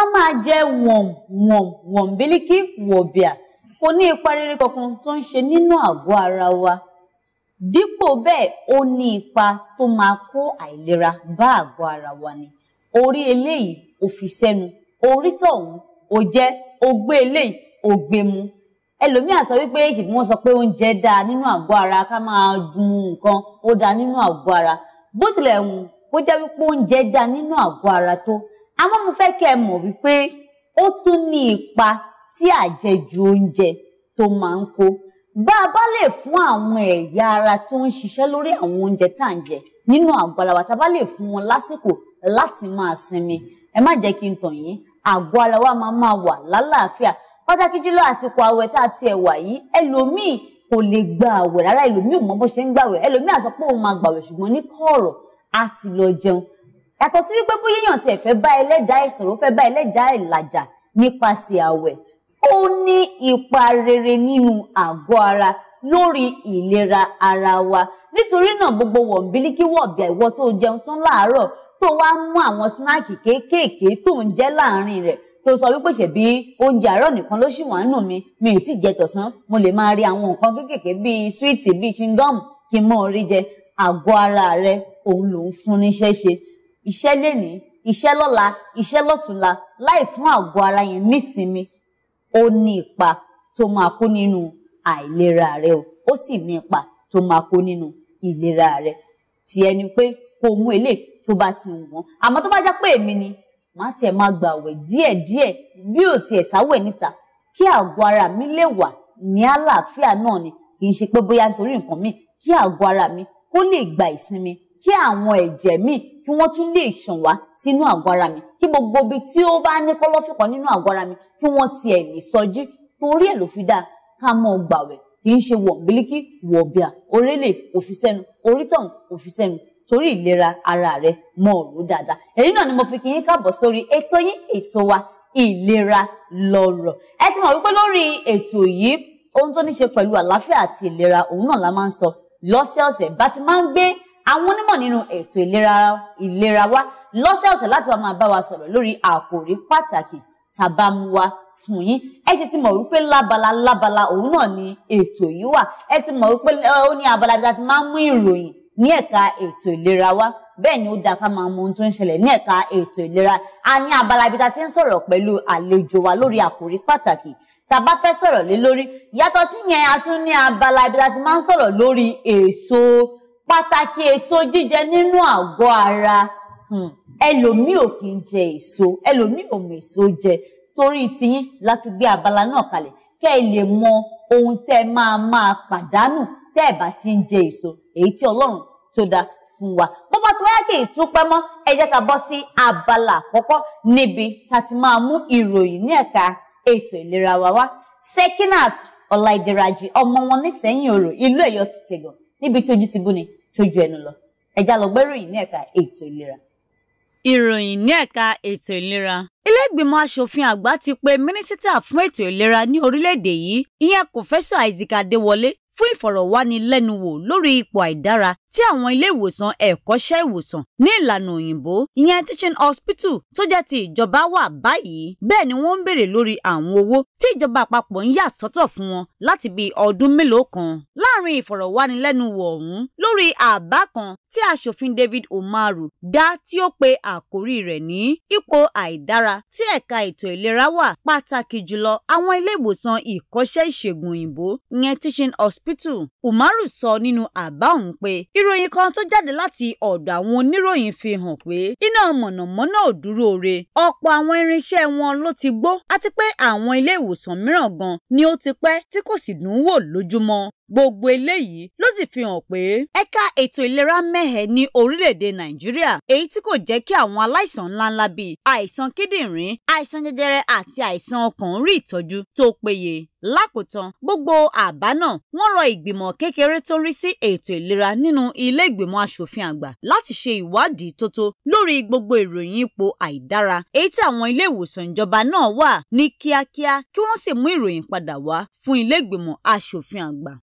ká máa jẹ wọ̀n wọ̀n wọ̀nbílíkì wọ̀bìà kò ní ipa rere kankan tó ń ṣe nínú àgọ́ ara wa dípò bẹ́ẹ̀ ó ní ipa tó máa kó àìlera bá àgọ́ ara wa ni orí eléyìí ò fi sẹ́nu orí tọ̀hún ò jẹ ó gbé eléyìí ò gbé mu ẹlòmíì àsọ wípé ṣèbí wọ́n sọ pé oúnjẹ dáa nínú àgọ́ ara ká máa dun nǹkan ó dáa nínú àgọ́ ara bó tilẹ̀ hùn kó jẹ́ wípé oúnjẹ dáa nínú àgọ́ ara tó àmọ́ mo fẹ́ kẹ́ ẹ mọ̀ wípé ó tún ní ipa tí àjẹjù oúnjẹ tó máa ń kó bá a bá lè fún àwọn ẹ̀yà ara tó ń ṣiṣẹ́ lórí àwọn oúnjẹ tá à ń jẹ nínú àgbàlawa tá a bá lè fún wọn lásìkò láti máa sinmi ẹ má jẹ́ kí n tàn yín àgọ́ ara wa máa máa wà lálàáfíà pàtàkì jùlọ àsìkò àwẹ̀ tá a ti ẹ̀ wà yìí ẹlòmíì kò lè gba àwẹ̀ rárá ẹlòmíì ò mọ bó ṣe ń gbàwẹ̀ ẹlòmíì àsọpọ̀ òun máa gbàwẹ̀ ṣùgbọ́n ní kọ̀ọ̀rọ̀ á ti lọ jẹun yàtọ̀ sí wípé bóyá èèyàn tiẹ̀ fẹ́ bá ẹlẹ́dàá ẹ̀ sọ̀rọ̀ fẹ́ bá ẹlẹ́dàá ẹ̀ làjà nípasẹ̀ àwẹ̀ ó ní ipa rere nínú àgọ́ ara lórí ìlera ara wa nítorí náà gbogbo wọ̀nbílíkì wọ̀bì àìwọ́ tó jẹun tán láàárọ̀ tó wá mú àwọn sínáàkì kéékèèké tó ń jẹ láàrin rẹ̀ tó sọ wípé ṣèbí oúnjẹ àárọ̀ nìkan ló ṣì wà nù mí mi ì tí jẹ tọ̀sán mo lè máa rí àwọn nǹkan kéékèèké bíi súwìtì bíi chingom kí n mọ́ orí jẹ àgọ́ ara rẹ òun lòún fún níṣẹ́ ṣe iṣẹ́ lénìí iṣẹ́ lọ́la iṣẹ́ lọ́túnla láì fún àgọ́ ara yẹn nísinmi ó ní ipa tó máa kó nínú àìlera rẹ o ó sì ní ipa tó máa kó nínú ìlera rẹ tiẹ̀ ni pé kó o mú eléyìí tó bá ti wù wọ́n àmọ́ tó bá já pé èmi ni màá tiẹ̀ máa gbàwẹ̀ díẹ̀díẹ̀ bí ò tiẹ̀ sáwẹ̀ níta kí àgọ́ ara mi lè wà ní àlàáfíà náà ni kì í ṣe pé bóyá nítorí nǹkan míì kí àgọ́ ara mi kó lè gba ìsinmi kí àwọn ẹ̀jẹ̀ míì kí wọ́n tún lè ṣàn wá sínú àgọ́ ara mi kí gbogbo ibi tí ó bá ní kọ́lọ́fín kan nínú àgọ́ ara mi kí wọ́n tiẹ̀ lè sọjí torí ẹ̀ ló fi dáa ká mọ́ gbàwẹ̀ kì í ṣe wọ̀nbílíkì wọ̀bìà orílẹ̀ òfin sẹ́nu orítàn òfin sẹ́nu torí ìlera ara rẹ mọ́ ọ̀rọ̀ dáadáa èyí náà ni mo fi kí yín káàbọ̀ sórí ètò yín ètò wa ìlera lọ́rọ̀ ẹ ti mọ̀ wípé lórí ètò yìí ohun tó ní ṣe pẹ̀lú àlàáfíà àti ìlera òun náà la máa ń sọ lọ́sẹ̀ọ̀sẹ̀ bá ti máa ń gbé àwọn onímọ̀ nínú ètò ìlera ìlera wa lọ́sẹ̀ọ̀sẹ̀ láti wá máa bá wa sọ̀rọ̀ lórí àkòrí pàtàkì tàbámuwa fún yín ẹ sì ti mọ̀ wípé lábala lábala òun náà ni ètò yìí wà ẹ ti mọ̀ wípé ó ní abala bí a ti máa ń mú ìròyìn ní ẹ̀ka ètò ìlera wa bẹ́ẹ̀ ni ó dáa ká máa mọ ohun tó ń ṣẹlẹ̀ ní ẹ̀ka ètò ìlera a ní abala ibi tá a ti ń sọ̀rọ̀ pẹ̀lú àlejò wa lórí àkòrí pàtàkì tá a fẹ́ sọ̀rọ̀ lé lórí yàtọ̀ sí a tún ní abala ibi a ti máa ń sọ̀rọ̀ lórí èso pàtàkì èso jíjẹ nínú àgọ́ ara hmm. ẹlòmíì ò kì í jẹ èso ẹlòmíì ò mọ èso jẹ torí tiyín la fi gbé abala náà kalẹ̀ kẹ́ ẹ lè mọ ohun tẹ́ ẹ máa máa pàdánù tẹ́ ẹ bá ti ń jẹ èso èyí tí ọlọ́run tó dá fún wa bó bá ti wáyà kì í tún ẹ jẹ́ ká bọ́ sí abala àkọ́kọ́ níbi tá a ti máa mú ìròyìn ní ẹ̀ka ètò ìlera wa wá Sekinat Ọláìdẹrajì ọmọ wọn nísẹ̀yìn òrò ìlú Ẹ̀yọ́ Kìkẹ̀gàn níbi tí ojú ti bú ni tó ju ẹnu lọ ẹjá lọ gbẹ́ròyìn ní ẹ̀ka ètò ìlera. ìròyìn ní ẹ̀ka ètò ìlera ilé ìgbìmọ̀ asòfin àgbà ti pe mínísítà fún ètò ìlera ní orílẹ̀-èdè yìí ìyẹn kòfẹ́sọ̀ Isaac Adéwọlé fún ìfọ̀rọ̀wánilẹ́nuwò lórí ipò àìdára tí àwọn ilé ìwòsàn ẹ̀kọ́ṣẹ́ ìwòsàn ní ìlànà òyìnbó ìyẹn teaching hospital tó jẹ́ ti ìjọba wà báyìí bẹ́ẹ̀ ni wọ́n ń béèrè lórí àwọn owó tí ìjọba àpapọ̀ ń yà sọ́tọ̀ fún wọn láti bí ọdún mélòó kan láàrin ìfọ̀rọ̀wánilẹ́nuwò ọ̀hún lórí àbá kan tí aṣòfin David Umaru dá tí ó pe àkórí rẹ̀ ní ipò àìdára tí ẹ̀ka ètò ìlera wà pàtàkì jùlọ àwọn ilé ìwòsàn ìkọ́ṣẹ́ ìṣègùn hospital umaru sọ nínú àbá òun pé ìròyìn kan tó jáde láti ọ̀dọ̀ àwọn oníròyìn fi hàn pé iná mọ̀nàmọ́ná ò dúró re ọ̀pọ̀ àwọn irinṣẹ́ wọn ló ti gbó àti pé àwọn ilé ìwòsàn mìíràn gan ni ó ti pẹ́ tí kò sì dùn wò lójúmọ́ gbogbo eléyìí ló sì fi hàn pé ẹ̀ka ètò ìlera mẹ́hẹ̀ ní orílẹ̀-èdè nàìjíríà èyí tí kò jẹ́ kí àwọn aláìsàn ńláńlá bíi àìsàn kíndìnrín àìsàn jẹjẹrẹ àti àìsàn ọkàn rí ìtọ́jú tó péye lákòótán gbogbo àbá náà wọ́n rọ ìgbìmọ̀ kékeré tó ń rí sí ètò ìlera nínú ilé ìgbìmọ̀ asòfin àgbà láti ṣe ìwádìí tó lórí gbogbo ìròyìn ipò àìdára èyí tí àwọn ilé ìwòsàn ìjọba náà wà ní kíákíá kí wọ́n sì mú ìròyìn padà wá fún ilé ìgbìmọ̀ asòfin àgbà.